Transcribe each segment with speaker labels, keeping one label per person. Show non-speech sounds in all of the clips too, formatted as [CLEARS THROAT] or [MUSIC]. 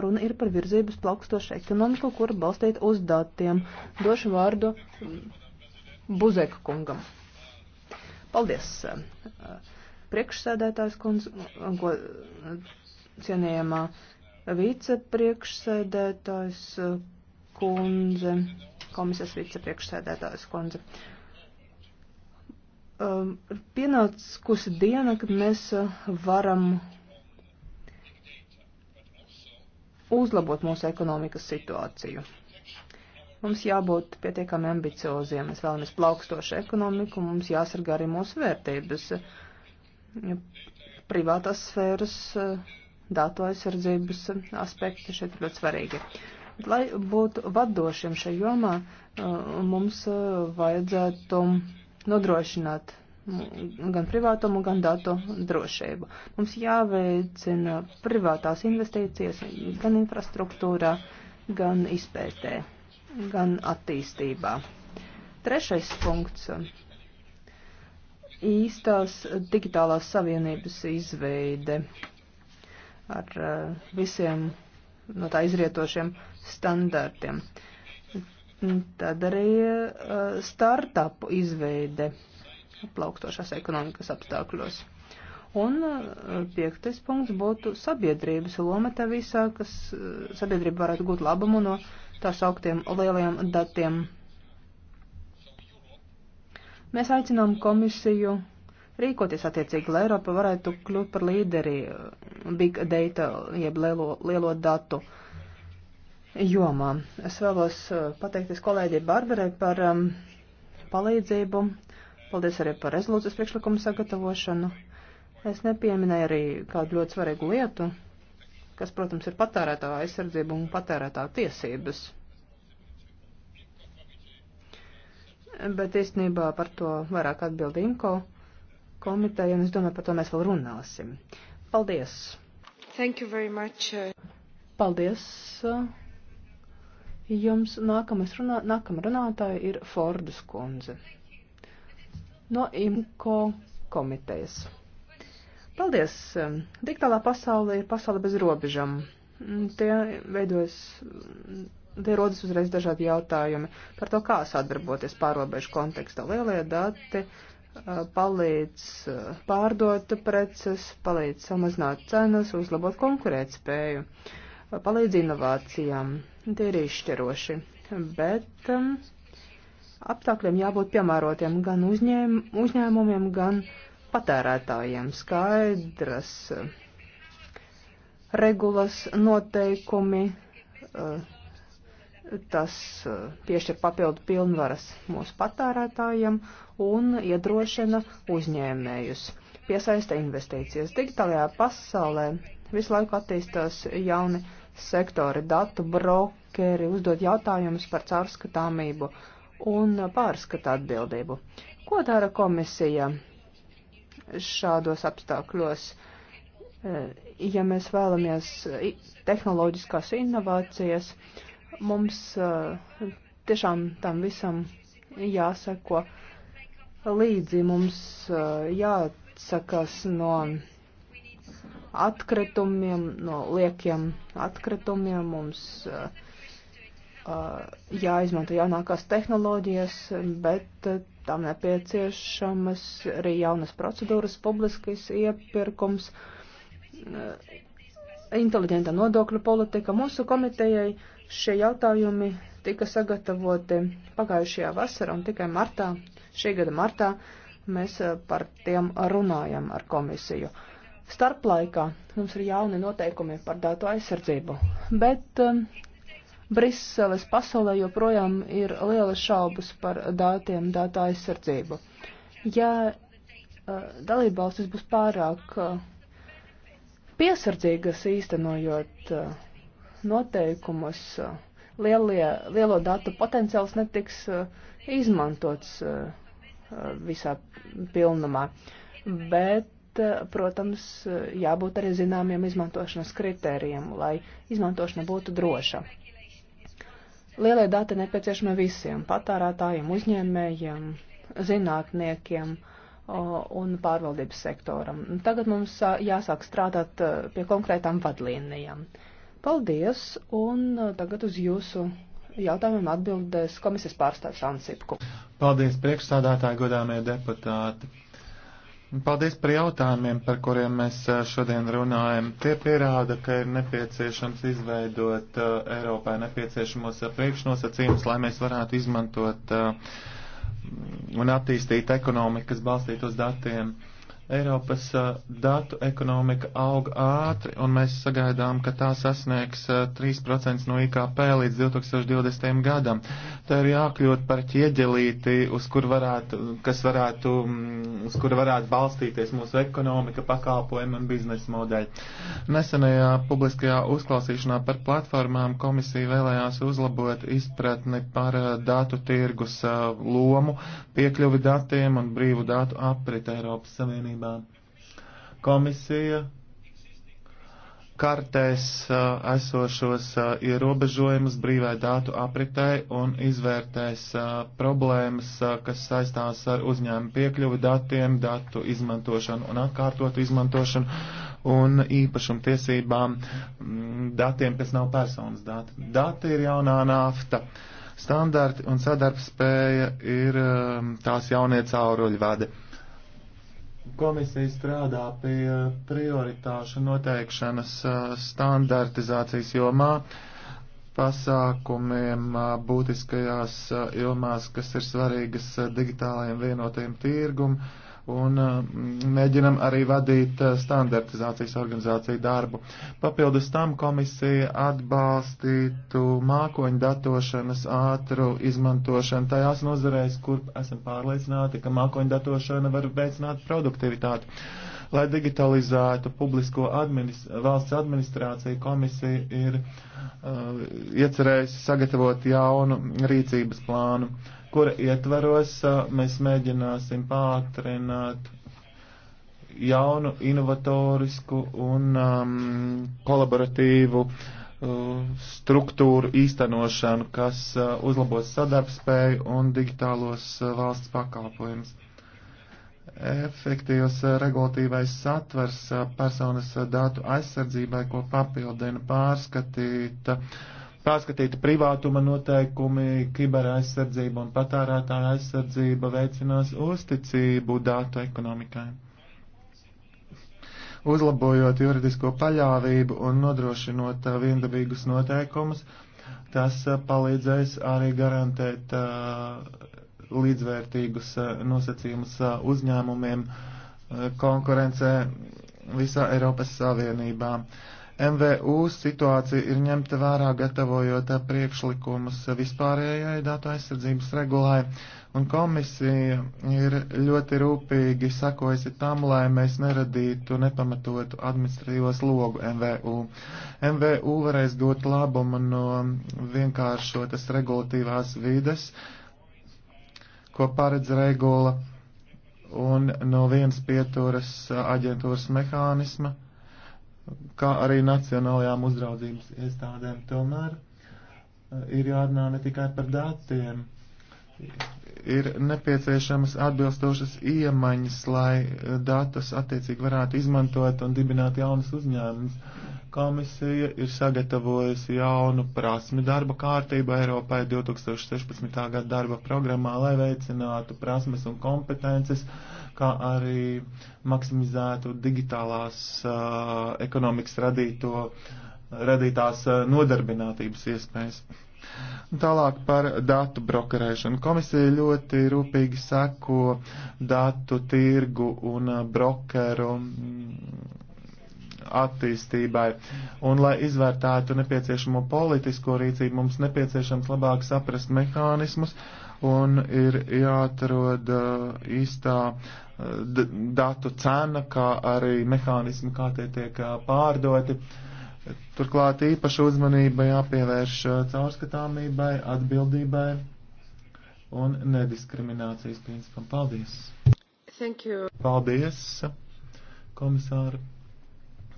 Speaker 1: runa ir par virzības plaukstošu ekonomiku, kura balstīta uz datiem. Došu vārdu mm, Buzeka kungam. Paldies, eh, priekšsēdētājs kundz, eh, ko eh, cienījamā vicepriekšsēdētājs kundze, komisijas vicepriekšsēdētājs kundze. Um, pienācis diena, kad mēs varam uzlabot mūsu ekonomikas situāciju. Mums jābūt pietiekami ambicioziem, mēs vēlamies plaukstošu ekonomiku, mums jāsargā arī mūsu vērtības, privātās sfēras, datu aizsardzības aspekti šeit ir ļoti svarīgi. Bet, lai būtu vadošiem šajā jomā, mums vajadzētu nodrošināt gan privātumu, gan datu drošību. Mums jāveicina privātās investīcijas gan infrastruktūrā, gan izpētē, gan attīstībā. Trešais punkts - īstās digitālās savienības izveide ar eh, visiem no tā izrietošiem standartiem. Tad arī eh, startupu izveide plauktošās ekonomikas apstākļos. Un eh, piektais punkts būtu sabiedrības loma te visā, kas eh, sabiedrība varētu gūt labumu no tās augtiem lielajiem datiem. Mēs aicinām komisiju rīkoties attiecīgi, lai Eiropa varētu kļūt par līderi eh, big data, jeb lielo, lielo datu jomā. Es vēlos pateikties kolēģi Barbarai par um, palīdzību Paldies arī par rezolūcijas priekšlikumu sagatavošanu. Es nepieminēju arī kādu ļoti svarīgu lietu, kas, protams, ir patērētā aizsardzība un patērētā tiesības. Bet īstenībā par to vairāk atbild Inko komiteja, un es domāju, par to mēs vēl runāsim. Paldies!
Speaker 2: Thank you very much.
Speaker 1: Paldies! Jums nākamais runā, nākama runātāja ir Fordas kundze no IMCO komitejas. Paldies! Digitālā pasaule ir pasaule bez robežām. Tie veidojas, tie rodas uzreiz dažādi jautājumi par to, kā sadarboties pārobežu kontekstā. Lielie dati palīdz pārdot preces, palīdz samazināt cenas, uzlabot konkurētspēju, palīdz inovācijām. Tie ir izšķiroši, bet apstākļiem jābūt piemērotiem gan uzņēm, uzņēmumiem, gan patērētājiem. Skaidras eh, regulas noteikumi, eh, tas eh, piešķir papildu pilnvaras mūsu patērētājiem un iedrošina uzņēmējus. Piesaista investīcijas. Digitālajā pasaulē visu laiku attīstās jauni sektori, datu brokeri, uzdot jautājumus par caurskatāmību. Uh, un pārskata atbildību. Ko dara komisija šādos apstākļos? E, ja mēs vēlamies tehnoloģiskās inovācijas, mums e, tiešām tam visam jāseko līdzi, mums e, jāatsakās no atkritumiem, no liekiem atkritumiem, mums uh, Uh, jāizmanto jaunākās tehnoloģijas, bet uh, tam nepieciešamas arī jaunas procedūras, publiskais iepirkums, uh, inteliģenta nodokļu politika. Mūsu komitejai šie jautājumi tika sagatavoti pagājušajā vasarā un tikai martā, šī gada martā, mēs par tiem runājam ar komisiju. Starplaikā mums ir jauni noteikumi par datu aizsardzību, bet um, Briseles pasaulē joprojām ir lielas šaubas par datiem, datu aizsardzību. Ja uh, dalībvalstis būs pārāk uh, piesardzīgas īstenojot uh, noteikumus, uh, lielie, lielo datu potenciāls netiks uh, izmantots uh, visā pilnumā. Bet, uh, protams, jābūt arī zināmiem izmantošanas kritērijiem, lai izmantošana būtu droša. Lielie dati nepieciešami visiem - patērētājiem, uzņēmējiem, zinātniekiem un pārvaldības sektoram. Tagad mums jāsāk strādāt pie konkrētām vadlīnijām. Paldies, un tagad uz jūsu jautājumiem atbildēs komisijas pārstāvs
Speaker 3: Ansipku. Paldies, priekšstādātāji, godāmie deputāti. Paldies par jautājumiem, par kuriem mēs eh, šodien runājam. Tie pierāda, ka ir nepieciešams izveidot uh, eh, Eiropai nepieciešamos eh, priekšnosacījumus, lai mēs varētu izmantot uh, un attīstīt ekonomiku, kas balstītu uz datiem. Uh, Eiropas datu ekonomika aug ātri, un mēs sagaidām, ka tā sasniegs 3% no IKP līdz 2020. gadam. Tā ir jākļūt par ķieģelīti, uz kur varētu, kas varētu, uz kur varētu balstīties mūsu ekonomika, pakalpojumi un biznesa modeļi. Nesenajā publiskajā uzklausīšanā par platformām komisija vēlējās uzlabot izpratni par datu tirgus lomu, piekļuvi datiem un brīvu datu aprit Eiropas Savienībā pilnībā. Komisija kartēs uh, esošos uh, ierobežojumus brīvai dātu apritei un izvērtēs uh, problēmas, kas saistās ar uzņēmumu piekļuvi datiem, datu izmantošanu un atkārtotu izmantošanu un īpašumtiesībām mm, datiem, kas nav personas dati. Dati ir jaunā nafta. Standarti un sadarbspēja ir um, tās jaunie cauruļvadi. Komisija strādā pie prioritāšu noteikšanas standartizācijas jomā pasākumiem būtiskajās jomās, kas ir svarīgas digitālajiem vienotajiem tirgumam un uh, mēģinam arī vadīt uh, standartizācijas organizāciju darbu. Papildus tam komisija atbalstītu mākoņu datošanas ātru izmantošanu tajās nozarēs, kur esam pārliecināti, ka mākoņu datošana var veicināt produktivitāti. Lai digitalizētu publisko administ valsts administrāciju, komisija ir uh, iecerējusi sagatavot jaunu rīcības plānu. Uh, kura ietvaros mēs mēģināsim pātrināt jaunu, inovatorisku un um, kolaboratīvu uh, struktūru īstenošanu, kas uh, uzlabos sadarbspēju un digitālos uh, valsts pakalpojumus. Efektīvs regulatīvais satvers personas datu aizsardzībai, ko papildina pārskatīta uh, Pārskatīta privātuma noteikumi, kiberaizsardzība un patērētāja aizsardzība veicinās uzticību datu ekonomikai. Uzlabojot juridisko paļāvību un nodrošinot uh, viendabīgus noteikumus, tas uh, palīdzēs arī garantēt uh, līdzvērtīgus nosacījumus uzņēmumiem konkurencē visā Eiropas Savienībā. MVU situācija ir ņemta vērā gatavojot priekšlikumus vispārējai datu aizsardzības regulai, un komisija ir ļoti rūpīgi sakojusi tam, lai mēs neradītu nepamatotu administratīvo slogu MVU. MVU varēs dot labumu no vienkāršotas regulatīvās vides, ko paredz regula, un no vienas pieturas aģentūras mehānisma kā arī nacionālajām uzraudzības iestādēm. Tomēr eh, ir jārunā ne tikai par datiem, ir nepieciešamas atbilstošas iemaņas, lai eh, datus attiecīgi varētu izmantot un dibināt jaunas uzņēmumus. Komisija ir sagatavojusi jaunu prasmi darba kārtību Eiropai 2016. gada darba programmā, lai veicinātu prasmes un kompetences, kā arī maksimizētu digitālās uh, ekonomikas radīto, radītās uh, nodarbinātības iespējas. Tālāk par datu brokerēšanu. Komisija ļoti rūpīgi seko datu tirgu un brokeru mm, attīstībai. Un, lai izvērtētu nepieciešamo politisko rīcību, mums nepieciešams labāk saprast mehānismus un ir jāatrod īstā datu cena, kā arī mehānismi, kā tie tiek pārdoti. Turklāt īpaša uzmanība jāpievērš caurskatāmībai, atbildībai un nediskriminācijas principam. Paldies! Thank you. Paldies, komisāri!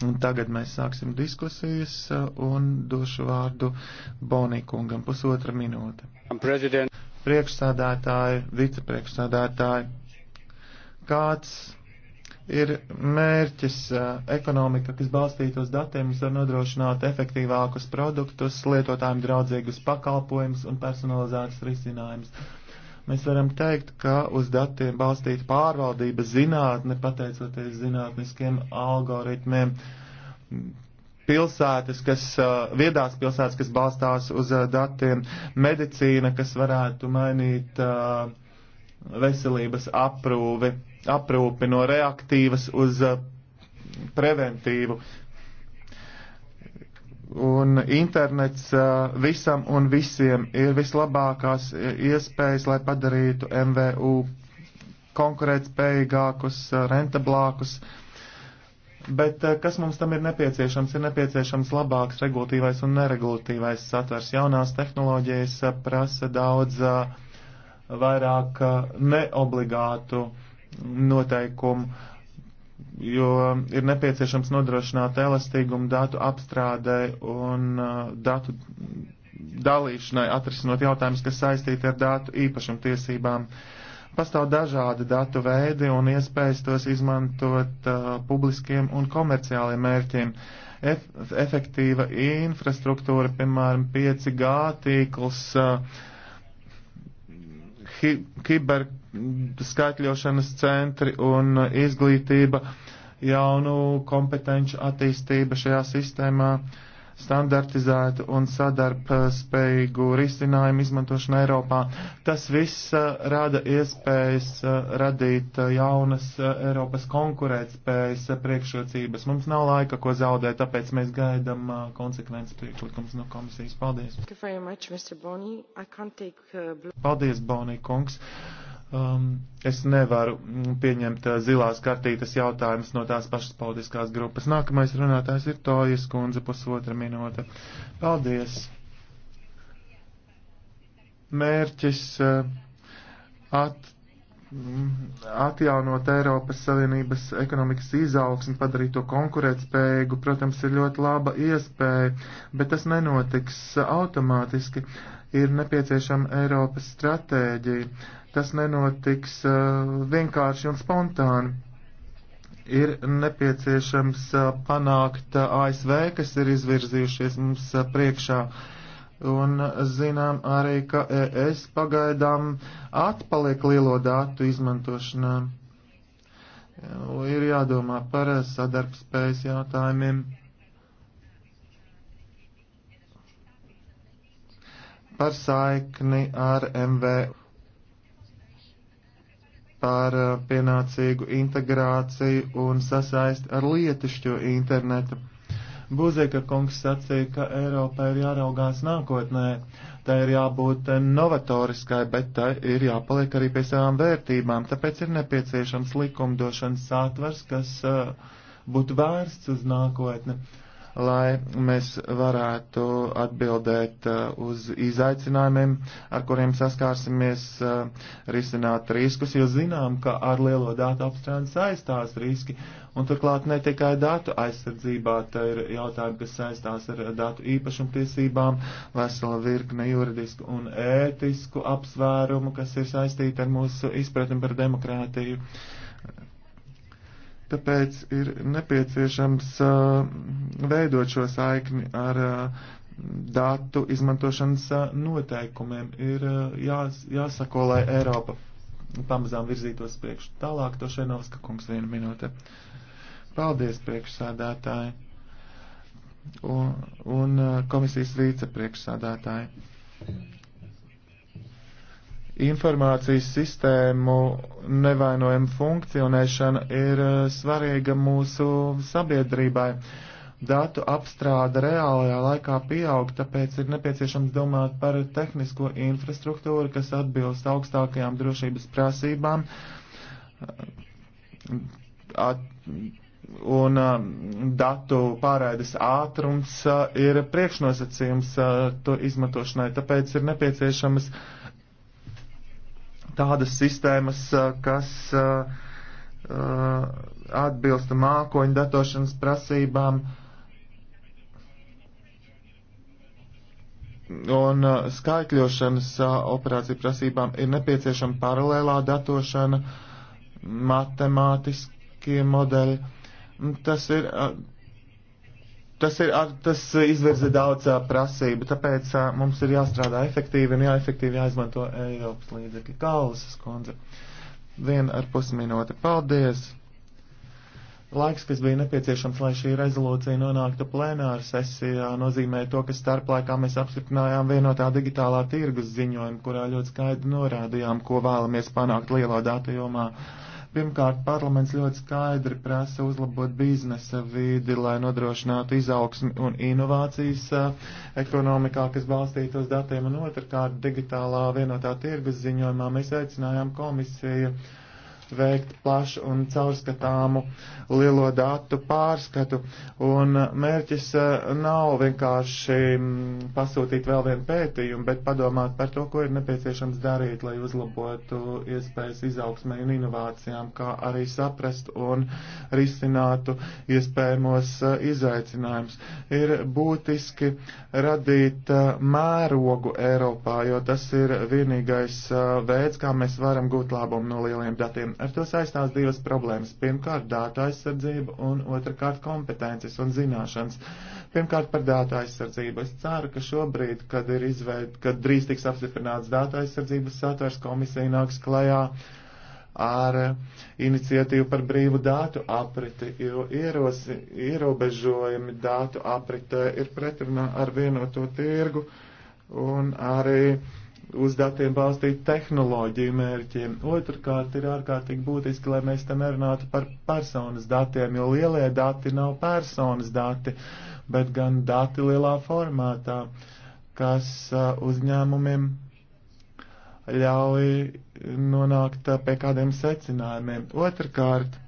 Speaker 3: Un tagad mēs sāksim diskusijas un došu vārdu Bonīkungam pusotra minūte. Priekšsādātāji, vicepriekšsādātāji, kāds ir mērķis ekonomika, kas balstīta uz datiem, var nodrošināt efektīvākus produktus, lietotājiem draudzīgus pakalpojumus un personalizētus risinājumus. Mēs varam teikt, ka uz datiem balstīta pārvaldība zinātne, pateicoties zinātniskiem algoritmiem, pilsētas, kas, viedās pilsētas, kas balstās uz datiem, medicīna, kas varētu mainīt uh, veselības aprūvi, aprūpi no reaktīvas uz eh, preventīvu. Un internets eh, visam un visiem ir vislabākās eh, iespējas, lai padarītu MVU konkurētspējīgākus, rentablākus. Bet kas mums tam ir nepieciešams? Ir nepieciešams labāks regulatīvais un neregulatīvais satvers. Jaunās tehnoloģijas prasa daudz uh, vairāk neobligātu noteikumu, jo ir nepieciešams nodrošināt elastīgumu datu apstrādē un uh, datu dalīšanai, atrisinot jautājumus, kas saistīti ar datu īpašumtiesībām. Pastāv dažādi datu veidi un iespējas tos izmantot uh, publiskiem un komerciāliem mērķiem. Ef efektīva infrastruktūra, piemēram, 5G tīkls, uh, hi kiberskaitļošanas centri un izglītība, jaunu kompetenci attīstība šajā sistēmā. Uh, standartizētu un sadarbspējīgu risinājumu izmantošanu Eiropā. Tas viss uh, rada iespējas uh, radīt uh, jaunas Eiropas konkurētspējas priekšrocības. Mums nav laika, ko zaudēt, tāpēc mēs gaidam konsekvences priekšlikums no komisijas. Paldies!
Speaker 2: Much, Bonnie. Take, uh,
Speaker 3: Paldies, Bonī kungs! Um, es nevaru mm, pieņemt uh, zilās kartītes jautājumus no tās pašas politiskās grupas. Nākamais runātājs ir Tojas kundze pusotra minūte. Paldies! Mērķis uh, at, mm, atjaunot Eiropas Savienības ekonomikas izaugsmi, padarīt to konkurētspējīgu, protams, ir ļoti laba iespēja, bet tas nenotiks automātiski. Ir nepieciešama Eiropas stratēģija Tas nenotiks uh, vienkārši un spontāni. Ir nepieciešams uh, panākt uh, ASV, kas ir izvirzījušies mums priekšā. Un zinām arī, ka e, ES pagaidām atpaliek lielo datu izmantošanā. Ir jādomā par sadarbspējas jautājumiem. Par saikni ar MVU par eh, pienācīgu integrāciju un sasaist ar lietišķo internetu. Buzika kungs sacīja, ka Eiropai ir jāraugās nākotnē, tai ir jābūt novatoriskai, bet tai ir jāpaliek arī pie savām vērtībām, tāpēc ir nepieciešams likumdošanas sātvers, kas uh, būtu vērsts uz nākotni. Uh, lai mēs varētu atbildēt uh, uz izaicinājumiem, ar kuriem saskārsimies, uh, risināt riskus, jo zinām, ka ar lielo datu apstrādi saistās riski. Un turklāt ne tikai datu aizsardzībā, tā ir jautājumi, kas saistās ar datu īpašumtiesībām, vesela virkne juridisku un ētisku apsvērumu, kas ir saistīti ar mūsu izpratni par demokrātiju. Uh, Tāpēc ir nepieciešams veidot šo saikni ar datu izmantošanas noteikumiem. Ir jās, jāsako, lai Eiropa pamazām virzītos priekš. Tālāk to Šenovska kungs vienu minūte. Paldies priekšsādātāji un, un komisijas vicepriekšsādātāji informācijas sistēmu nevainojama funkcionēšana ir eh, svarīga mūsu sabiedrībai. Datu apstrāde reālajā laikā pieaug, tāpēc ir nepieciešams domāt par tehnisko infrastruktūru, kas atbilst augstākajām drošības prasībām at, un eh, datu pārēdes ātrums eh, ir priekšnosacījums to izmantošanai, tāpēc ir nepieciešamas uh, tādas sistēmas, kas atbilsta mākoņu datošanas prasībām. Un skaitļošanas operāciju prasībām ir nepieciešama paralēlā datošana, matemātiskie modeļi. Tas ir Tas, ir, tas izvirza daudz prasību, tāpēc mums ir jāstrādā efektīvi un jāefektīvi jāizmanto Eiropas līdzekļi. Kalusas kundze, viena ar pusminūte. Paldies! Laiks, kas bija nepieciešams, lai šī rezolūcija nonāktu plenāra sesijā, nozīmē to, ka starplaikā mēs apstiprinājām vienotā digitālā tirgus ziņojumu, kurā ļoti skaidri norādījām, ko vēlamies panākt lielā datu jomā. Uh, Pirmkārt, parlaments ļoti skaidri prasa uzlabot biznesa vidi, lai nodrošinātu izaugsmi un inovācijas ekonomikā, kas balstītos datiem, un otrkārt, digitālā vienotā tirgus ziņojumā mēs aicinājām komisiju veikt plašu un caurskatāmu lielo datu pārskatu. Un mērķis eh, nav vienkārši mm, pasūtīt vēl vienu pētījumu, bet padomāt par to, ko ir nepieciešams darīt, lai uzlabotu iespējas izaugsmē un inovācijām, kā arī saprast un risinātu iespējamos eh, izaicinājumus. Ir būtiski radīt eh, mērogu Eiropā, jo tas ir vienīgais veids, kā mēs varam gūt labumu no lieliem datiem. Ar to saistās divas problēmas. Pirmkārt, dāta aizsardzība un otrkārt kompetences un zināšanas. Pirmkārt, par dāta aizsardzību. Es ceru, ka šobrīd, kad ir izveid, kad drīz tiks apstiprināts dāta aizsardzības satvers, komisija nāks klajā ar iniciatīvu par brīvu dātu apriti, jo ierosi, ierobežojumi dātu apritē ir pretrunā ar vienoto tirgu un arī uz datiem balstītu tehnoloģiju mērķiem. Otrkārt, ir ārkārtīgi būtiski, lai mēs te nerunātu par personas datiem, jo lielie dati nav personas dati, bet gan dati lielā formātā, kas uh, uzņēmumiem ļauj nonākt uh, pie kādiem secinājumiem. Otrkārt,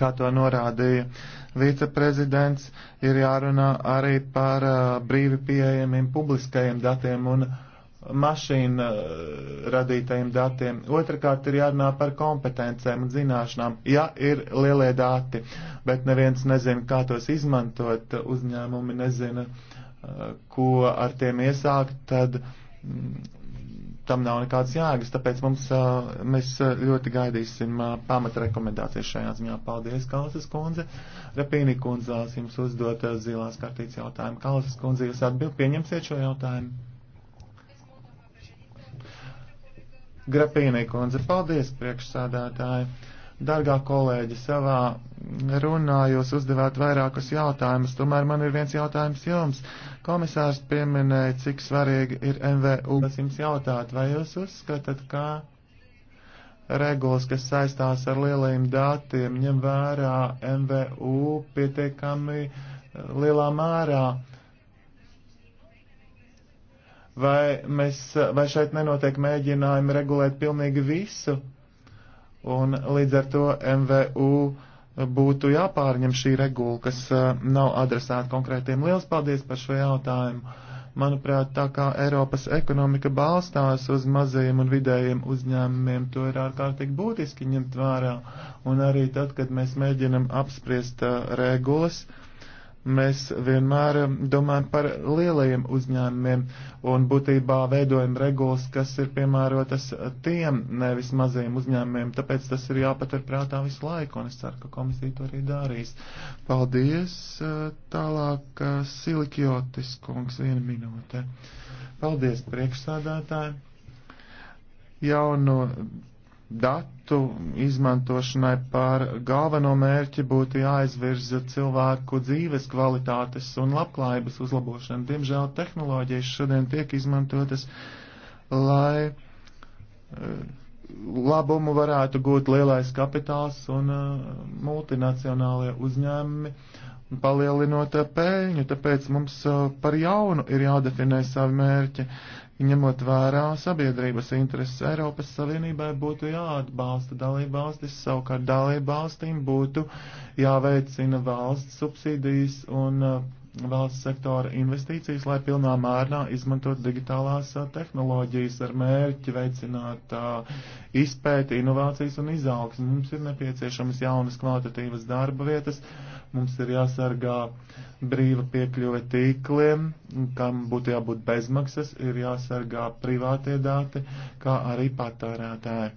Speaker 3: kā to norādīja viceprezidents, ir jārunā arī par uh, brīvi pieejamiem publiskajiem datiem un mašīnu uh, radītajiem datiem. Otrakārt ir jārunā par kompetencēm un zināšanām. Ja ir lielie dati, bet neviens nezina, kā tos izmantot, uzņēmumi nezina, uh, ko ar tiem iesākt, tad mm, tam nav nekādas jēgas, tāpēc mums, mēs ļoti gaidīsim pamata rekomendācijas šajā ziņā. Paldies, Kalasas kundze. Rapīni kundze vēlas jums uzdot zilās kartītes jautājumu. Kalasas kundze, jūs atbild, pieņemsiet šo jautājumu. Grapīnī kundze, paldies priekšsādātāji. Dargā kolēģi, savā runā jūs uzdevāt vairākus jautājumus, tomēr man ir viens jautājums jums. Komisārs pieminēja, cik svarīgi ir MVU. Es jums jautātu, vai jūs uzskatāt, ka regulas, kas saistās ar lielajiem datiem, ņem vērā MVU pietiekami eh, lielā mērā? Vai, mēs, vai šeit nenotiek mēģinājumi regulēt pilnīgi visu? un līdz ar to MVU būtu jāpārņem šī regula, kas nav adresēta konkrētiem. Liels paldies par šo jautājumu! Manuprāt, tā kā Eiropas ekonomika balstās uz mazajiem un vidējiem uzņēmumiem, to ir ārkārtīgi būtiski ņemt vērā. Un arī tad, kad mēs mēģinam apspriest regulas, uh, Mēs vienmēr um, domājam par lielajiem uzņēmumiem un būtībā veidojam regulas, kas ir piemērotas tiem, nevis mazajiem uzņēmumiem. Tāpēc tas ir jāpaturprātā visu laiku, un es ceru, ka komisija to arī darīs. Paldies. Uh, tālāk uh, Silikjotis kungs, viena minūte. Paldies priekšsādātāji. Jauno datu izmantošanai par galveno mērķi būtu jāizvirza cilvēku dzīves kvalitātes un labklājības uzlabošana. Diemžēl tehnoloģijas šodien tiek izmantotas, lai eh, labumu varētu gūt lielais kapitāls un eh, multinacionālie uzņēmumi, palielinot eh, peļņu, tāpēc mums par jaunu ir jādefinē savi mērķi ņemot vērā sabiedrības intereses Eiropas Savienībai būtu jāatbalsta dalībvalstis, savukārt dalībvalstīm būtu jāveicina valsts subsīdijas un uh, valsts sektora investīcijas, lai pilnā mērā izmantot digitālās uh, tehnoloģijas ar mērķi veicināt uh, izpēti, inovācijas un izaugsmu. Mums ir nepieciešamas jaunas kvalitatīvas darba vietas, Mums ir jāsargā brīva piekļuve tīkliem, kam būtu jābūt bezmaksas, ir jāsargā privātie dati, kā arī patērētāji.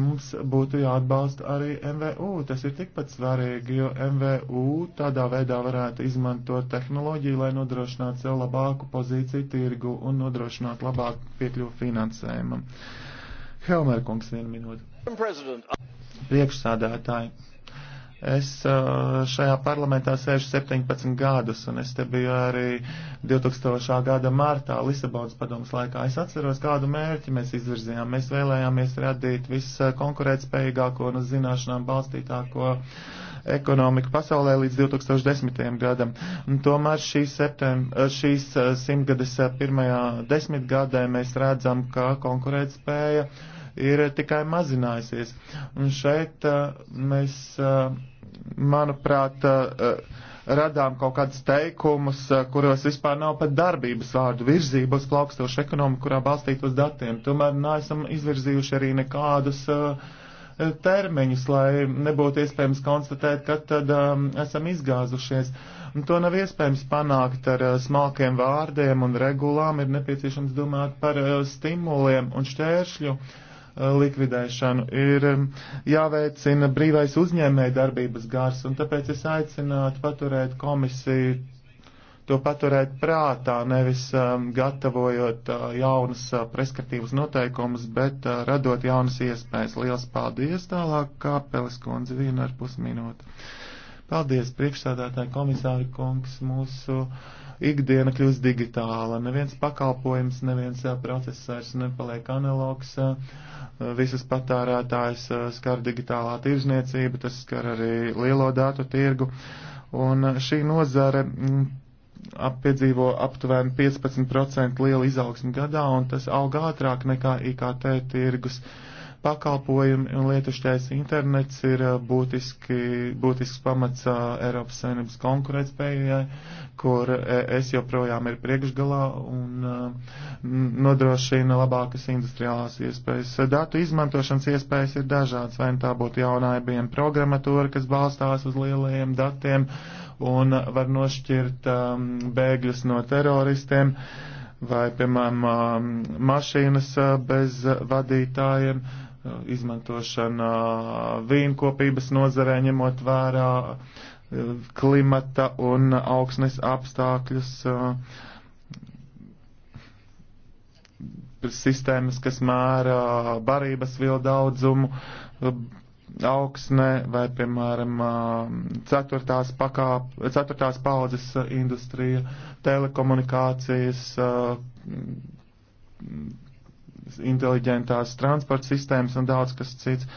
Speaker 3: Mums būtu jāatbalsta arī MVU, tas ir tikpat svarīgi, jo MVU tādā veidā varētu izmantot tehnoloģiju, lai nodrošinātu sev labāku pozīciju tirgu un nodrošinātu labāku piekļuvu finansējumam. Helmer kungs, vienu minūti. Priekšsādātāji Es uh, šajā parlamentā sēžu 17 gadus, un es te biju arī 2000. gada martā Lisabonas padomas laikā. Es atceros, kādu mērķi mēs izvirzījām. Mēs vēlējāmies radīt viskonkurētspējīgāko uh, un uz zināšanām balstītāko ekonomiku pasaulē līdz 2010. gadam. Un tomēr uh, šīs, septem, šīs simtgades pirmajā desmitgadē mēs redzam, ka konkurētspēja ir tikai mazinājusies. Un šeit mēs manuprāt, eh, eh, radām kaut kādus teikumus, eh, kuros vispār nav pat darbības vārdu virzība uz plaukstošu ekonomiku, kurā balstīt uz datiem. Tomēr neesam izvirzījuši arī nekādus termiņus, lai nebūtu iespējams konstatēt, kad tad um, esam izgāzušies. Un to nav iespējams panākt ar uh, smalkiem vārdiem un regulām, ir nepieciešams domāt par uh, stimuliem un šķēršļu uh, Eh, likvidēšanu, ir jāveicina brīvais uzņēmēja darbības gars, un tāpēc es aicinātu paturēt komisiju to paturēt prātā, nevis um, gatavojot uh, jaunas uh, eh, preskatīvas noteikumus, bet uh, radot jaunas iespējas. Liels paldies tālāk, Kāpelis kundze, viena ar pusminūti. Paldies, priekšsādātāji komisāri kungs, mūsu. Uh, ikdiena kļūst digitāla, neviens pakalpojums, neviens process vairs nepaliek analogs, visas patārētājs skar digitālā tirzniecība, tas skar arī lielo datu tirgu, un šī nozare mm, piedzīvo aptuveni 15% lielu izaugsmu gadā, un tas aug ātrāk nekā IKT tirgus. Uh, pakalpojumi un lietušķais internets ir eh, būtiski, būtisks pamats eh, Eiropas Savienības konkurētspējai, kur eh, es joprojām ir priekšgalā un nodrošina labākas industriālās iespējas. Datu izmantošanas iespējas ir dažādas, vai nu tā būtu jaunā IBM programmatūra, kas balstās uz lielajiem datiem un var nošķirt um, bēgļus no teroristiem. Uh, vai, piemēram, ehm, mašīnas bez vadītājiem, izmantošana vīnkopības nozarē, ņemot vērā eh, klimata un augsnes apstākļus, eh, sistēmas, kas mēra barības vielu daudzumu, eh, augsne vai, piemēram, ceturtās, pakāp, ceturtās paudzes industrija, telekomunikācijas, inteliģentās transporta sistēmas un daudz kas cits.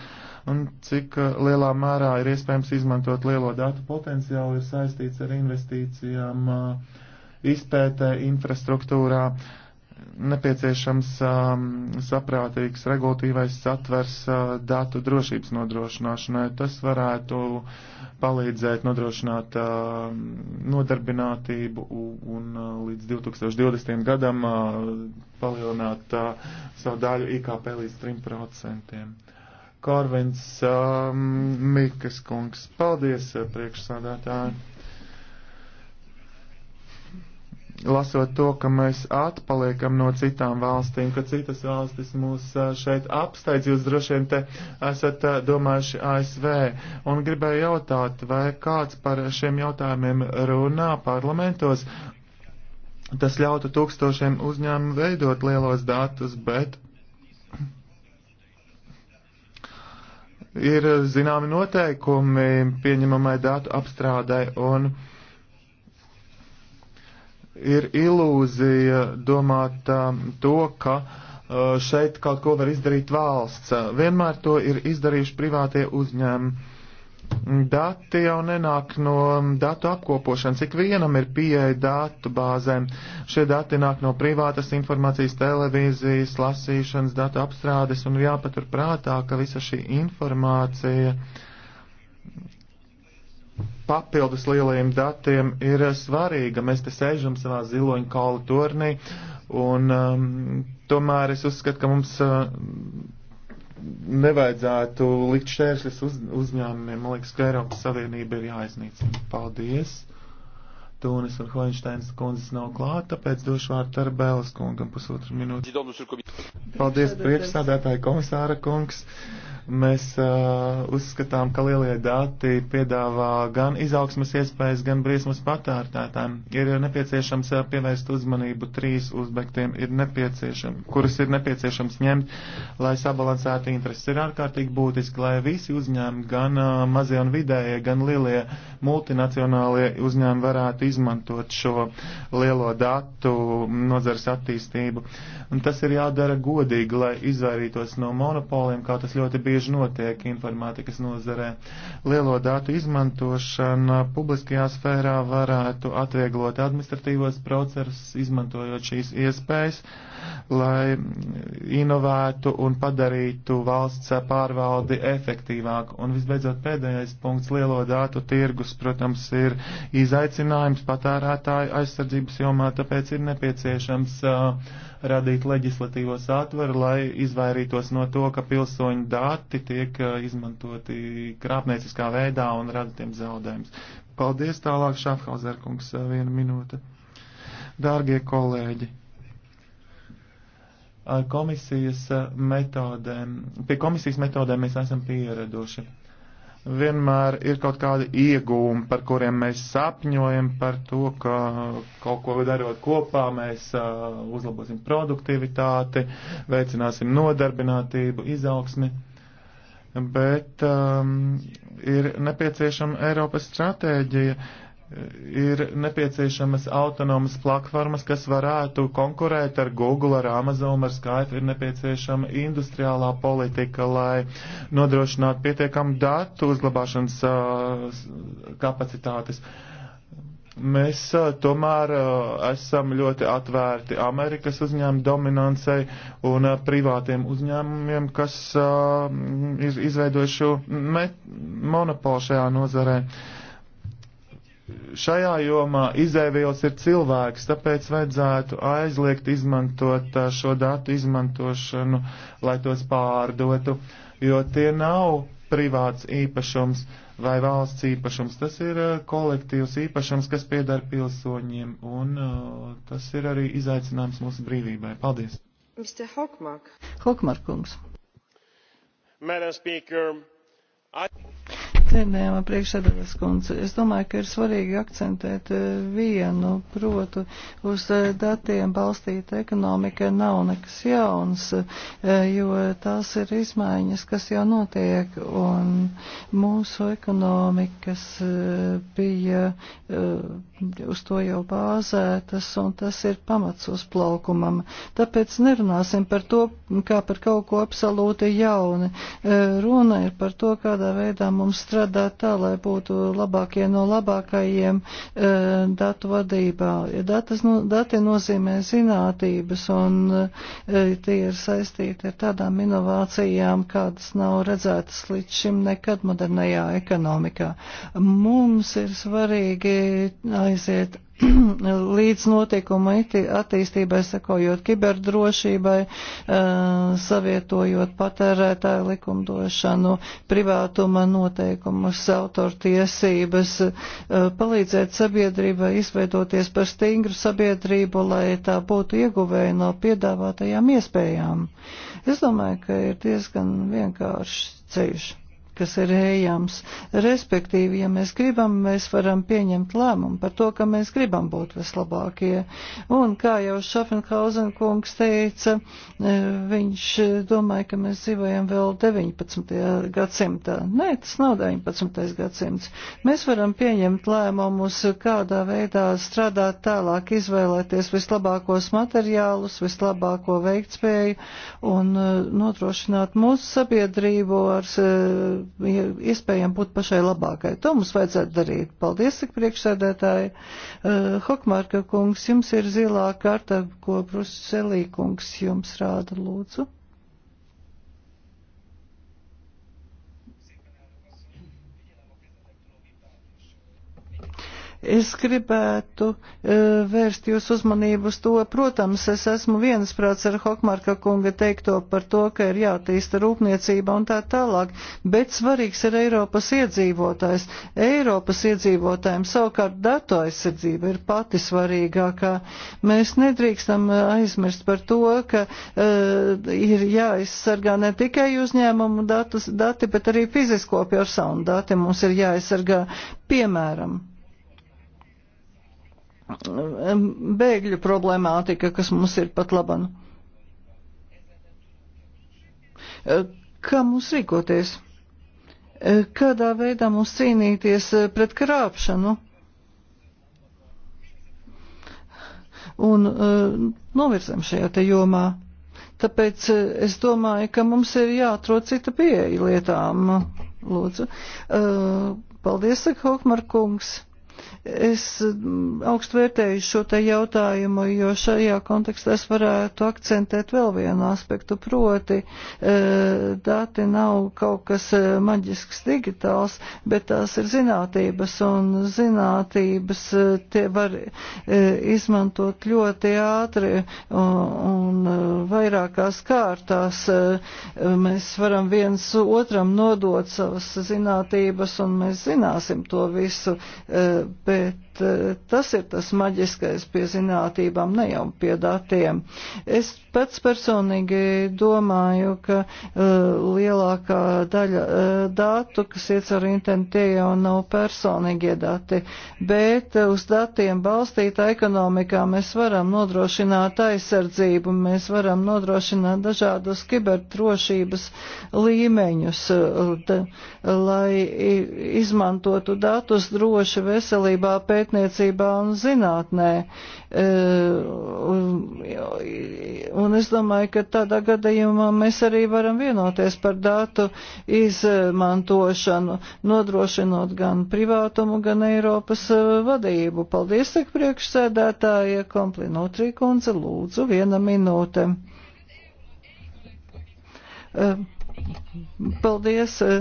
Speaker 3: Un cik uh, lielā mērā ir iespējams izmantot lielo datu potenciālu, ir saistīts ar investīcijām, uh, izpētē, infrastruktūrā. Uh, nepieciešams um, saprātīgs regulatīvais satvers uh, datu drošības nodrošināšanai. Tas varētu palīdzēt nodrošināt uh, nodarbinātību un uh, līdz 2020. gadam uh, palielināt uh, savu daļu IKP līdz 3%. Korvins um, Mikas kungs, paldies uh, priekšsādātāji! lasot to, ka mēs atpaliekam no citām valstīm, ka citas valstis mūs šeit apsteidz, jūs droši vien te esat domājuši ASV. Un gribēju jautāt, vai kāds par šiem jautājumiem runā parlamentos? Tas ļautu tūkstošiem uzņēmumu veidot lielos datus, bet ir zināmi noteikumi pieņemamai datu apstrādai un. Uh, ir ilūzija domāt um, to, ka uh, šeit kaut ko var izdarīt valsts. Vienmēr to ir izdarījuši privātie uzņēmumi. Dati jau nenāk no datu apkopošanas. Ik vienam ir pieeja datu bāzēm. Šie dati nāk no privātas informācijas, televīzijas, lasīšanas, datu apstrādes un jāpatur prātā, ka visa šī informācija uh, papildus lielajiem datiem ir svarīga. Mēs te sēžam savā ziloņa kaula turnī, un um, tomēr es uzskatu, ka mums uh, nevajadzētu likt šķēršļus uz, uzņēmumiem. Man liekas, ka Eiropas Savienība ir jāiznīcina. Paldies! Tūnis un Hoinsteins kundzes nav klāt, tāpēc došu vārdu Tarbēlas kungam pusotru minūti. Paldies, priekšsādātāji komisāra kungs! Uh, Mēs uh, uzskatām, ka lielie dati piedāvā gan izaugsmas iespējas, gan briesmas patērtētājiem. Ir nepieciešams uh, pievērst uzmanību trīs uzbektiem, ir kurus ir nepieciešams ņemt, lai sabalansētu intereses. Ir ārkārtīgi būtiski, lai visi uzņēmumi, gan uh, mazie un vidējie, gan lielie multinacionālie uzņēmumi varētu izmantot šo lielo datu nozars attīstību. Un tas ir jādara godīgi, lai izvairītos no monopoliem, kā tas ļoti bija bieži notiek informātikas nozarē. Lielo datu izmantošana publiskajā sfērā varētu atvieglot administratīvos procesus, izmantojot šīs iespējas, lai inovētu un padarītu valsts pārvaldi efektīvāku. Un visbeidzot pēdējais punkts - lielo datu tirgus, protams, ir izaicinājums patērētāju aizsardzības jomā, tāpēc ir nepieciešams uh, radīt leģislatīvo satveru, lai izvairītos no to, ka pilsoņu dati tiek eh, izmantoti krāpnieciskā veidā un rada tiem zaudējumus. Paldies tālāk, Šafhauzerkungs, eh, viena minūte. Dārgie kolēģi! Ar komisijas eh, metodēm, pie komisijas metodēm mēs esam pieraduši vienmēr ir kaut kādi iegūmi, par kuriem mēs sapņojam, par to, ka kaut ko darot kopā mēs uh, uzlabosim produktivitāti, veicināsim nodarbinātību, izaugsmi. Bet um, ir nepieciešama Eiropas stratēģija, uh, ir nepieciešamas autonomas platformas, kas varētu konkurēt ar Google, ar Amazon, ar Skype. Ir nepieciešama industriālā politika, lai nodrošinātu pietiekamu datu uzglabāšanas uh, kapacitātes. Mēs uh, tomēr uh, esam ļoti atvērti Amerikas uzņēmumu dominancei un uh, privātiem uzņēmumiem, kas uh, ir izveidojuši monopolu šajā nozarē. Uh, šajā jomā izēvielas ir cilvēks, tāpēc vajadzētu aizliegt izmantot uh, šo datu izmantošanu, lai tos pārdotu, jo tie nav privāts īpašums vai valsts īpašums. Tas ir uh, kolektīvs īpašums, kas piedara pilsoņiem, un uh, tas ir arī izaicinājums mūsu brīvībai. Paldies!
Speaker 2: Mr. Hokmark.
Speaker 3: Hokmark kungs.
Speaker 2: Madam Speaker, I... Cienējama priekšsēdētājas kundze, es domāju, ka ir svarīgi akcentēt eh, vienu, protu uz eh, datiem balstīta ekonomika nav nekas jauns, eh, jo tās ir izmaiņas, kas jau notiek, un mūsu ekonomikas bija uz to jau bāzētas, un tas ir pamats uzplaukumam. Tāpēc nerunāsim par to, kā par kaut ko absolūti jauni. Runa ir par to, kādā veidā mums strādā strādāt tā, lai būtu labākie no labākajiem e, datu vadībā. Datas, nu, dati nozīmē zinātības un e, tie ir saistīti ar tādām inovācijām, kādas nav redzētas līdz šim nekad modernajā ekonomikā. Mums ir svarīgi aiziet [CLEARS THROAT] līdz notikuma attīstībai sekojot kiberdrošībai, eh, savietojot patērētāju likumdošanu, privātuma noteikumus, autortiesības, eh, palīdzēt sabiedrībai izveidoties par stingru sabiedrību, lai tā būtu ieguvēja no piedāvātajām iespējām. Es domāju, ka ir diezgan vienkāršs ceļš kas ir ejams. Respektīvi, ja mēs gribam, mēs varam pieņemt lēmumu par to, ka mēs gribam būt vislabākie. Un kā jau Šafenhausen kungs teica, e, viņš e, domāja, ka mēs dzīvojam vēl 19. gadsimtā. Nē, tas nav 19. gadsimts. Mēs varam pieņemt lēmumus, kādā veidā strādāt tālāk, izvēlēties vislabākos materiālus, vislabāko veiktspēju un e, nodrošināt mūsu sabiedrību ar iespējami būt pašai labākai. To mums vajadzētu darīt. Paldies, cik priekšsēdētāji. Eh, Hokmārka kungs, jums ir zilā karta, ko Bruselī kungs jums rāda, lūdzu. Es gribētu uh, vērst jūs uzmanību uz to. Protams, es esmu viensprāts ar Hokmarka kunga teikto par to, ka ir jātīsta rūpniecība un tā tālāk, bet svarīgs ir Eiropas iedzīvotājs. Eiropas iedzīvotājiem savukārt datu aizsardzība ir pati svarīgākā. Mēs nedrīkstam eh, aizmirst par to, ka uh, ir jāaizsargā ne tikai uzņēmumu datus, dati, bet arī fizisko personu dati mums ir jāaizsargā piemēram bēgļu problemātika, kas mums ir pat laban. Kā mums rīkoties? Kādā veidā mums cīnīties pret krāpšanu? Un novirzam šajā te jomā. Tāpēc es domāju, ka mums ir jāatrod cita pieeja lietām. Lūdzu. Paldies, saka Hokmar kungs. Es mm, augstu vērtēju šo te jautājumu, jo šajā kontekstā es varētu akcentēt vēl vienu aspektu, proti e, dati nav kaut kas e, maģisks digitāls, bet tās ir zinātības, un zinātības e, tie var izmantot ļoti ātri un vairākās kārtās. Mēs varam viens otram nodot savas zinātības, un mēs zināsim to visu bet eh, tas ir tas maģiskais pie zinātībām, ne jau pie datiem. Es pats personīgi domāju, ka eh, lielākā daļa eh, datu, kas iet ar internetu, tie jau nav personīgie dati, bet uz datiem balstītā ekonomikā mēs varam nodrošināt aizsardzību, mēs varam nodrošināt dažādus kiberdrošības līmeņus, lai izmantotu datus droši, veselīgi, veselībā, pētniecībā un zinātnē. E, un es domāju, ka tādā gadījumā mēs arī varam vienoties par datu izmantošanu, nodrošinot gan privātumu, gan Eiropas e, vadību. Paldies, saka priekšsēdētāja Komplinotrī kundze, lūdzu, viena minūte. Uh, Paldies. E,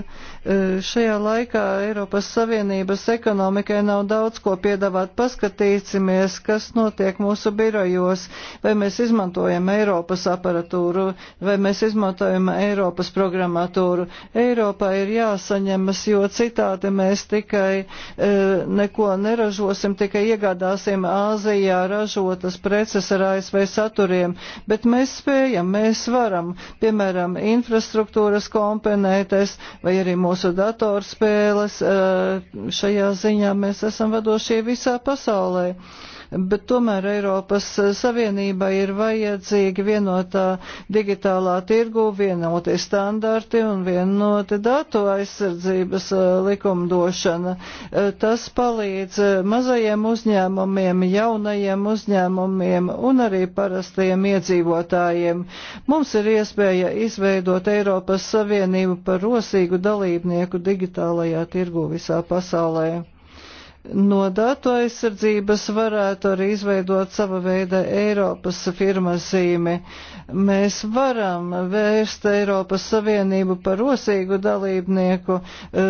Speaker 2: e, šajā laikā Eiropas Savienības ekonomikai nav daudz ko piedāvāt. Paskatīsimies, kas notiek mūsu birojos, vai mēs izmantojam Eiropas aparatūru, vai mēs izmantojam Eiropas programmatūru. Eiropā ir jāsaņemas, jo citādi mēs tikai e, neko neražosim, tikai iegādāsim Āzijā ražotas preces ar ASV saturiem, bet mēs spējam, mēs varam, piemēram, infrastruktūra kultūras komponentes vai arī mūsu datorspēles. Eh, šajā ziņā mēs esam vadošie visā pasaulē bet tomēr Eiropas Savienībai ir vajadzīga vienotā digitālā tirgu, vienoti standarti un vienoti datu aizsardzības eh, likumdošana. Eh, tas palīdz eh, mazajiem uzņēmumiem, jaunajiem uzņēmumiem un arī parastajiem iedzīvotājiem. Mums ir iespēja izveidot Eiropas Savienību par rosīgu dalībnieku digitālajā tirgu visā pasaulē. No datu aizsardzības varētu arī izveidot sava veida Eiropas firmasīmi. Uh, Mēs varam vērst Eiropas Savienību par rosīgu dalībnieku, eh,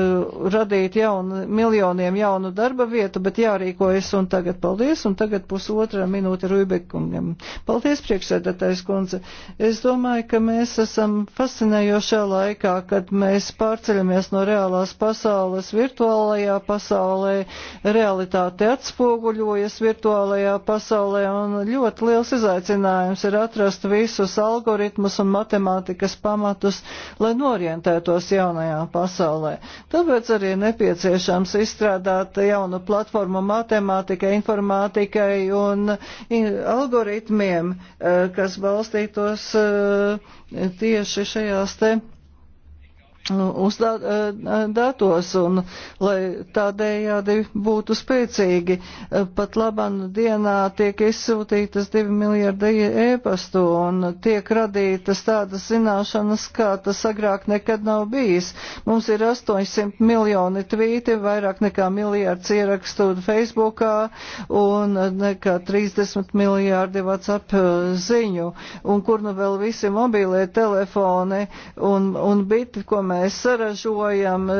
Speaker 2: radīt jaunu, miljoniem jaunu darba vietu, bet jārīkojas un tagad paldies, un tagad pusotra minūte Rūbekungam. Paldies, priekšsēdētājs kundze. Es domāju, ka mēs esam fascinējošā laikā, kad mēs pārceļamies no reālās pasaules virtuālajā pasaulē, realitāte atspoguļojas virtuālajā pasaulē, un ļoti liels izaicinājums ir atrast visu visus algoritmus un matemātikas pamatus, lai norientētos jaunajā pasaulē. Tāpēc arī nepieciešams izstrādāt jaunu platformu matemātikai, informātikai un algoritmiem, eh, kas balstītos eh, tieši šajās te uz eh, eh, datos un lai tādējādi būtu spēcīgi. Eh, pat labam dienā tiek izsūtītas divi miljardi ēpastu un tiek radītas tādas zināšanas, kā tas agrāk nekad nav bijis. Mums ir 800 miljoni tvīti, vairāk nekā miljards ierakstu Facebookā un nekā 30 miljardi WhatsApp ziņu. Un kur nu vēl visi mobīlie telefoni un, un biti, ko mēs mēs saražojam, e,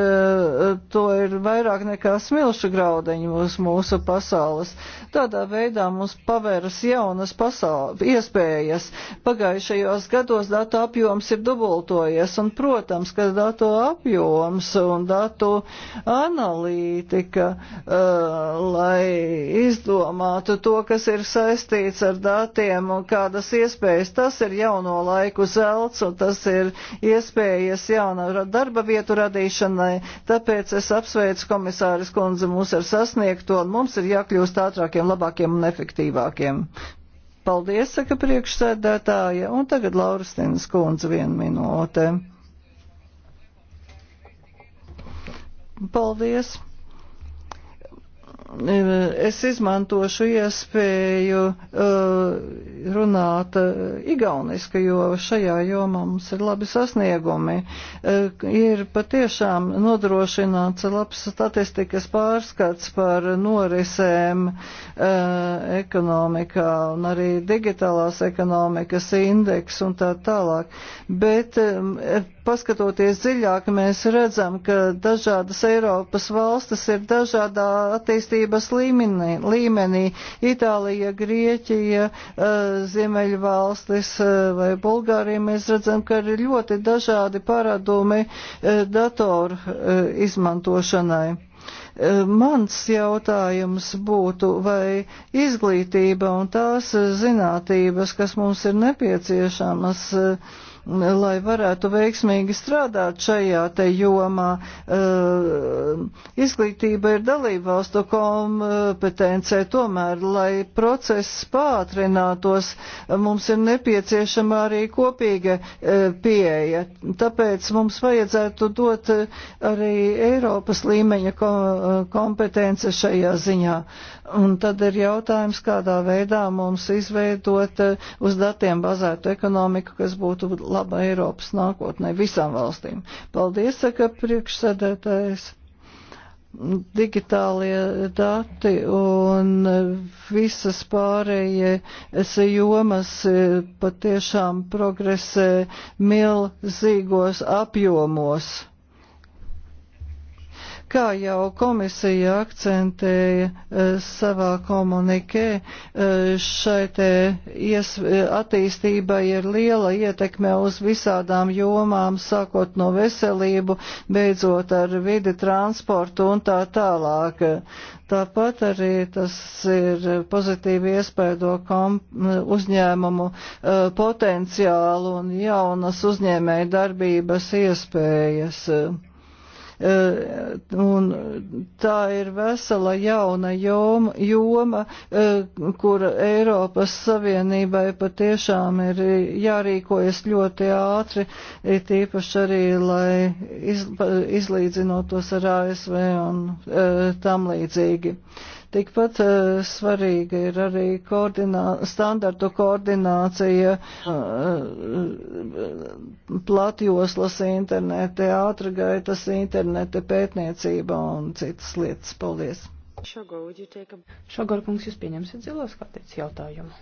Speaker 2: to ir vairāk nekā smilšu graudeņu uz mūsu pasaules. Tādā veidā mums pavēras jaunas pasaules, iespējas. Pagājušajos gados datu apjoms ir dubultojies, un, protams, ka datu apjoms un datu analītika, e, lai izdomātu to, kas ir saistīts ar datiem un kādas iespējas, tas ir jauno laiku zelts, un tas ir iespējas jauna darba vietu radīšanai. Tāpēc es apsveicu komisāris kundze mūs ar sasniegto un mums ir jākļūst ātrākiem, labākiem un efektīvākiem. Paldies, saka priekšsēdētāja, un tagad Lauristins kundze vienu minūte. Paldies! es izmantošu iespēju uh, runāt uh, igauniski, jo šajā jomā mums ir labi sasniegumi. Uh, ir patiešām nodrošināts labs statistikas pārskats par norisēm ekonomikā un arī digitālās ekonomikas indeks un tā tālāk. Bet um, paskatoties dziļāk, mēs redzam, ka dažādas Eiropas valstis ir dažādā attīstībā attīstības līmenī. līmenī. Itālija, Grieķija, eh, Ziemeļvalstis eh, vai Bulgārija mēs redzam, ka ir ļoti dažādi paradumi eh, datoru izmantošanai. Mans jautājums būtu, vai izglītība un tās zinātības, kas mums ir nepieciešamas, uh, lai varētu veiksmīgi strādāt šajā te jomā. Eh, izglītība ir dalībvalstu kompetencē, tomēr, lai process pātrinātos, mums ir nepieciešama arī kopīga eh, pieeja. Tāpēc mums vajadzētu dot eh, arī Eiropas līmeņa kompetence šajā ziņā. Un tad ir jautājums, kādā veidā mums izveidot uz datiem bazētu ekonomiku, kas būtu laba Eiropas nākotnē visām valstīm. Paldies, saka priekšsēdētājs. Digitālie dati un visas pārējie jomas patiešām progresē milzīgos apjomos. Kā jau komisija akcentēja eh, savā komunikē, eh, šai te ies, eh, attīstībai ir liela ietekme uz visādām jomām, sākot no veselību, beidzot ar vidi, transportu un tā tālāk. Tāpat arī tas ir pozitīvi iespēdo uzņēmumu potenciālu un jaunas uzņēmēju darbības iespējas. Uh, Eh, un tā ir vesela jauna joma, joma eh, kur Eiropas Savienībai patiešām ir jārīkojas ļoti ātri, tīpaši arī, lai izlīdzinotos ar ASV un eh, tam līdzīgi. Tikpat eh, svarīga ir arī koordinā, standartu koordinācija eh, platjoslas internete, ātrgaitas internete, pētniecība un citas lietas. Paldies!
Speaker 1: Šogor
Speaker 2: kungs, jūs pieņemsiet zilās kārtības jautājumu?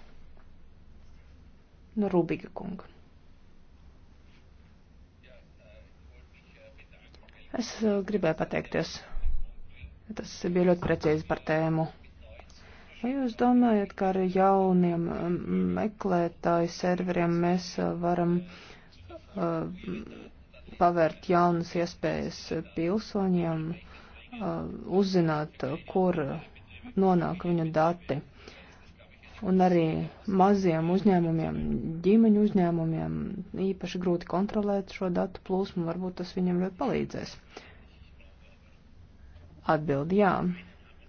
Speaker 1: No nu, Rūbiga kunga. Es eh, gribēju pateikties Tas bija ļoti precīzi par tēmu. Vai jūs domājat, ka ar jauniem meklētāju serveriem mēs uh, varam uh, pavērt jaunas iespējas pilsoņiem, uh, uzzināt, kur nonāk viņu dati? Un arī maziem uzņēmumiem, ģimeņu uzņēmumiem īpaši grūti kontrolēt šo datu plūsmu, varbūt tas viņiem ļoti palīdzēs. Uh, Atbildi jā,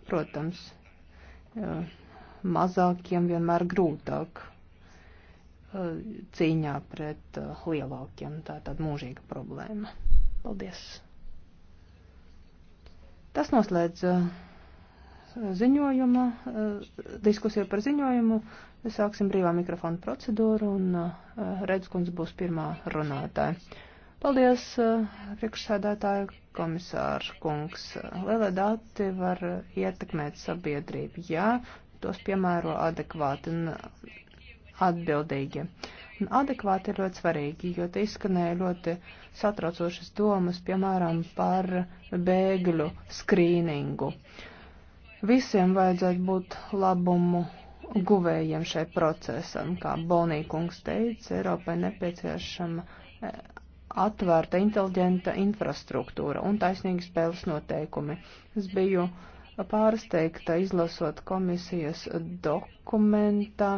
Speaker 1: protams, mazākiem vienmēr grūtāk cīņā pret lielākiem. Tā ir tāda mūžīga problēma. Paldies! Tas noslēdz ziņojuma, diskusiju par ziņojumu. Sāksim brīvā mikrofona procedūru un Redz kundze būs pirmā runātāja. Paldies, eh, priekšsēdētāju komisāru kungs. Lielie dati var ietekmēt sabiedrību, ja tos piemēro adekvāti un atbildīgi. Un adekvāti ir ļoti svarīgi, jo te izskanēja ļoti satraucošas domas, piemēram, par bēgļu skrīningu. Visiem vajadzētu būt labumu guvējiem šai procesam, kā Bonīkungs teica, Eiropai nepieciešama eh, atvērta, inteliģenta infrastruktūra un taisnīgi spēles noteikumi. Es biju pārsteigta izlasot komisijas dokumentā,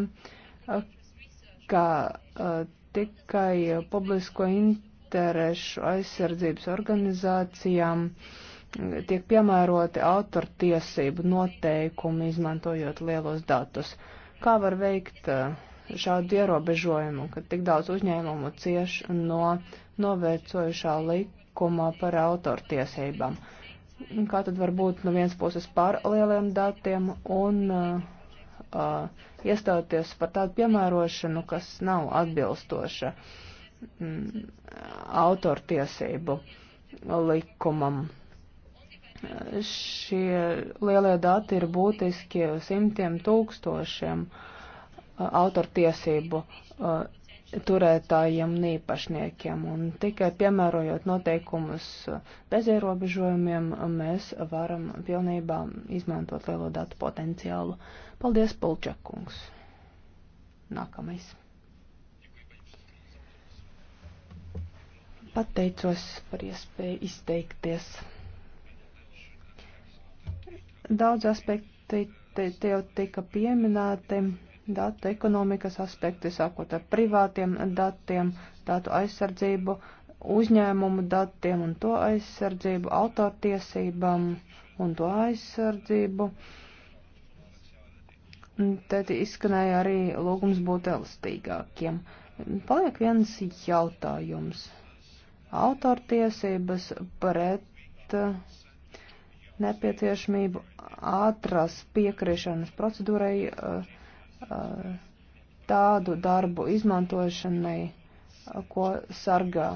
Speaker 1: ka tikai publisko interešu aizsardzības organizācijām tiek piemēroti autortiesību noteikumi, izmantojot lielos datus. Kā var veikt šādu ierobežojumu, kad tik daudz uzņēmumu cieš no uh, novērcojušā likumā par autortiesībām. Kā tad var būt no vienas puses par lieliem datiem un uh, uh, iestāties par tādu piemērošanu, kas nav atbilstoša mm, autortiesību likumam. Šie lielie dati ir būtiski simtiem tūkstošiem uh, autortiesību uh, turētājiem un īpašniekiem, un tikai piemērojot noteikumus bez ierobežojumiem, mēs varam pilnībā izmantot lielo datu potenciālu. Paldies, Pulčakungs! Nākamais. Pateicos par iespēju izteikties. Daudz aspekti te, te jau tika pieminēti datu ekonomikas aspekti, sākot ar privātiem datiem, datu aizsardzību, uzņēmumu datiem un to aizsardzību, autortiesībām un to aizsardzību. Tad izskanēja arī lūgums būt elastīgākiem. Paliek viens jautājums. Autortiesības pret nepieciešamību ātras piekrišanas procedūrai uh, tādu darbu izmantošanai, ko sargā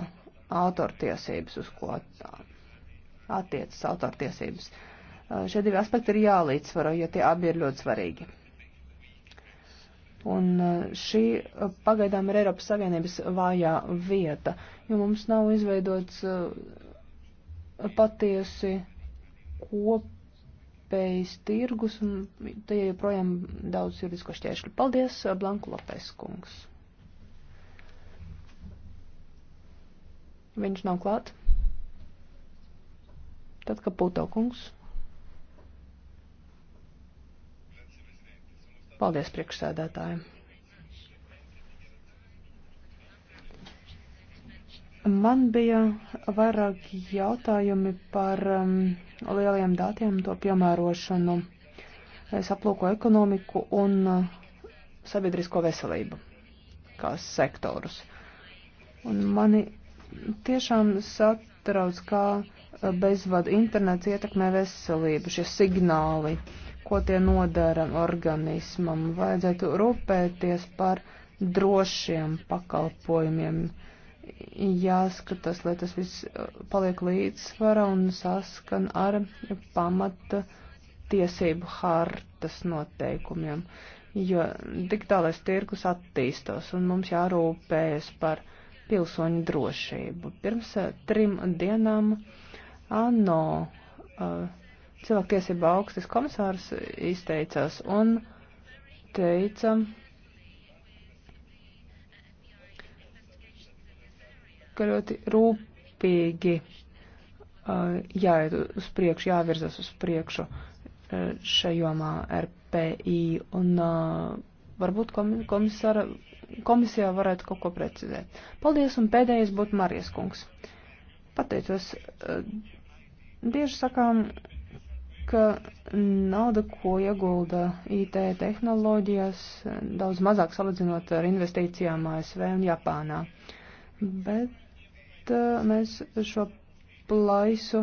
Speaker 1: autortiesības, uz ko attiecas autortiesības. Šie divi aspekti ir jālīdzsvaro, jo tie abi ir ļoti svarīgi. Un šī pagaidām ir Eiropas Savienības vājā vieta, jo mums nav izveidots patiesi kop kopējs tirgus, un te joprojām daudz juridisko šķēršļu. Paldies, Blanku Lopes kungs. Viņš nav klāt. Tad, kad Puto kungs. Paldies priekšsēdētājiem. Man bija vairāki jautājumi par um, lieliem datiem, to piemērošanu. Es aplūkoju ekonomiku un uh, sabiedrisko veselību kā sektorus. Un mani tiešām satrauc, kā uh, bezvadu internets ietekmē veselību, šie signāli, ko tie nodara organismam. Vajadzētu rūpēties par drošiem pakalpojumiem jāskatās, lai tas viss uh, paliek līdzsvara un saskan ar pamata tiesību hartas noteikumiem, jo digitālais tirkus attīstos un mums jārūpējas par pilsoņu drošību. Pirms uh, trim dienām ANO uh, cilvēktiesība augstas komisārs izteicās un teica, ka ļoti rūpīgi uh, jāiet uz priekšu, jāvirzas uz priekšu uh, šajomā RPI, un uh, varbūt komisāra, komisijā varētu kaut ko precizēt. Paldies, un pēdējais būtu Marijas kungs. Pateicos, bieži sakām, ka nauda, ko iegulda IT tehnoloģijās, daudz mazāk salīdzinot ar investīcijām ASV un Japānā. Bet Eh, mēs šo plaisu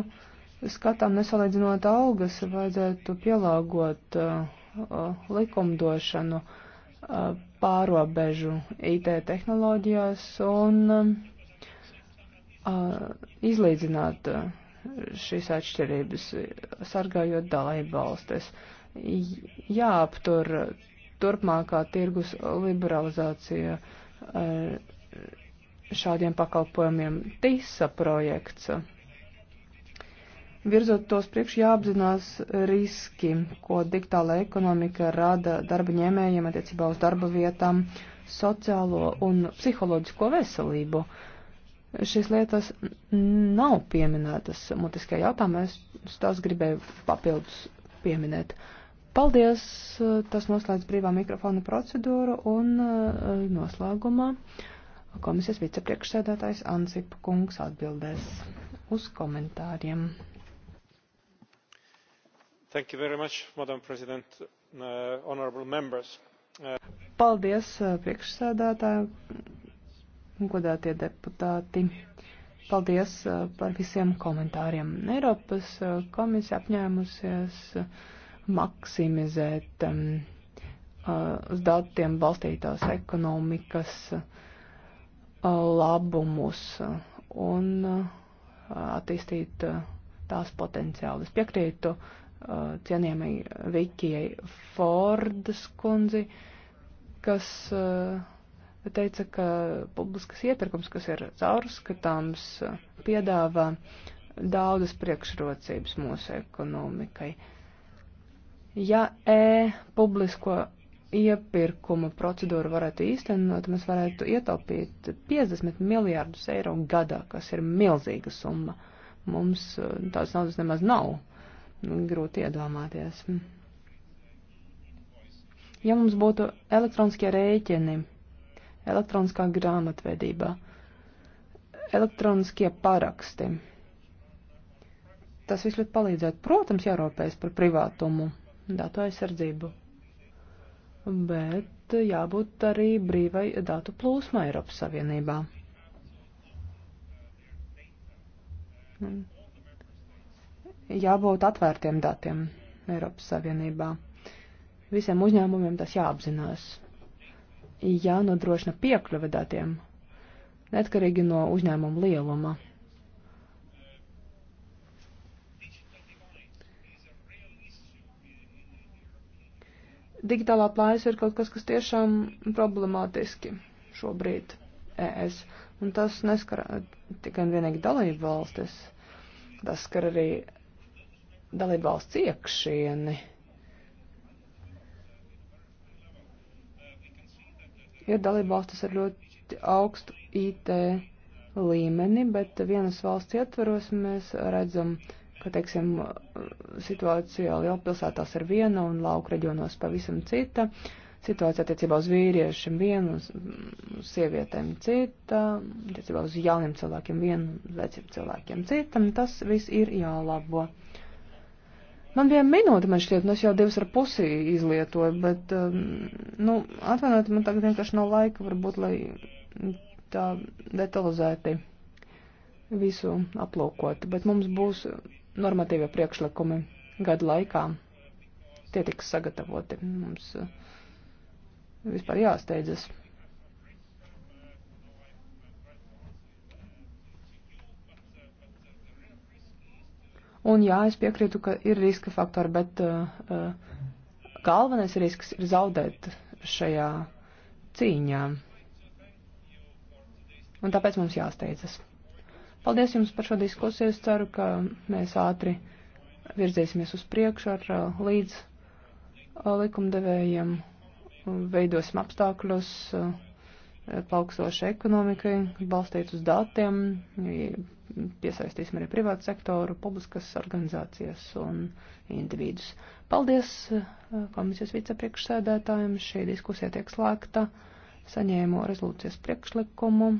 Speaker 1: skatām nesalīdzinot algas, vajadzētu pielāgot uh, likumdošanu uh, pārobežu IT tehnoloģijās un uh, izlīdzināt šīs atšķirības, sargājot dalību valstis. Jāaptur turpmākā tirgus liberalizācija šādiem pakalpojumiem. TISA projekts. Virzot tos priekš jāapzinās riski, ko digitāla ekonomika rada darba ņēmējiem attiecībā uz darba vietām, sociālo un psiholoģisko veselību. Šīs lietas nav pieminētas mutiskajā jautājumā, es tās gribēju papildus pieminēt. Paldies! Tas noslēdz brīvā mikrofona procedūru un eh, noslēgumā. Uh, Komisijas vicepriekšsēdētājs Ansipa kungs atbildēs uz komentāriem. Thank you very much, Madam President, uh, honorable members. Uh... Paldies, uh, priekšsēdētāji, godātie deputāti. Paldies uh, par visiem komentāriem. Eiropas uh, komisija apņēmusies maksimizēt um, uz datiem balstītās ekonomikas uh, labumus un uh, attīstīt uh, tās potenciālus. Piekrītu uh, cienījamai Vikijai Fordas kundzi, kas teica, ka publiskas iepirkums, kas ir caurskatāms, piedāvā daudzas priekšrocības mūsu ekonomikai. Ja E publisko iepirkuma procedūru varētu īstenot, mēs varētu ietaupīt 50 miljārdus eiro gadā, kas ir milzīga summa. Mums eh, tādas naudas nemaz nav. Grūti iedomāties. Ja mums būtu elektroniskie rēķini, elektroniskā grāmatvedība, elektroniskie paraksti, tas viss ļoti palīdzētu. Protams, jārūpējas par privātumu, datu aizsardzību bet jābūt arī brīvai datu plūsmai Eiropas Savienībā. Nu, jābūt atvērtiem datiem Eiropas Savienībā. Visiem uzņēmumiem tas jāapzinās. Jānodrošina piekļuve datiem, neatkarīgi no uzņēmuma lieluma. digitālā plājas ir kaut kas, kas tiešām problemātiski šobrīd ES. Un tas neskar tikai un vienīgi dalību valstis, tas skar arī dalību valsts iekšieni. Ir dalību valstis ar ļoti augstu IT līmeni, bet vienas valsts ietvaros mēs redzam ka, teiksim, situācija lielpilsētās ir viena un lauku reģionos pavisam cita. Situācija attiecībā uz vīriešiem viena, uz, uz sievietēm cita, attiecībā uz jauniem cilvēkiem viena, uz veciem cilvēkiem citam. Tas viss ir jālabo. Man viena minūte, man šķiet, un es jau divas ar pusi izlietoju, bet, um, nu, atvainojiet, man tagad vienkārši nav laika, varbūt, lai tā detalizēti visu aplūkotu, bet mums būs normatīvie priekšlikumi gadu laikā. Tie tiks sagatavoti. Mums eh, vispār jāsteidzas. Un jā, es piekrītu, ka ir riska faktori, bet uh, galvenais risks ir zaudēt šajā cīņā. Un tāpēc mums jāsteidzas. Paldies jums par šo diskusiju. Es ceru, ka mēs ātri virzīsimies uz priekšu ar uh, līdz uh, likumdevējiem, veidosim apstākļus uh, plaukstoši ekonomikai, balstīt uz datiem, piesaistīsim arī privātu sektoru, publiskas organizācijas un individus. Paldies komisijas vicepriekšsēdētājiem. Šī diskusija tiek slēgta. Saņēmu rezolūcijas priekšlikumu.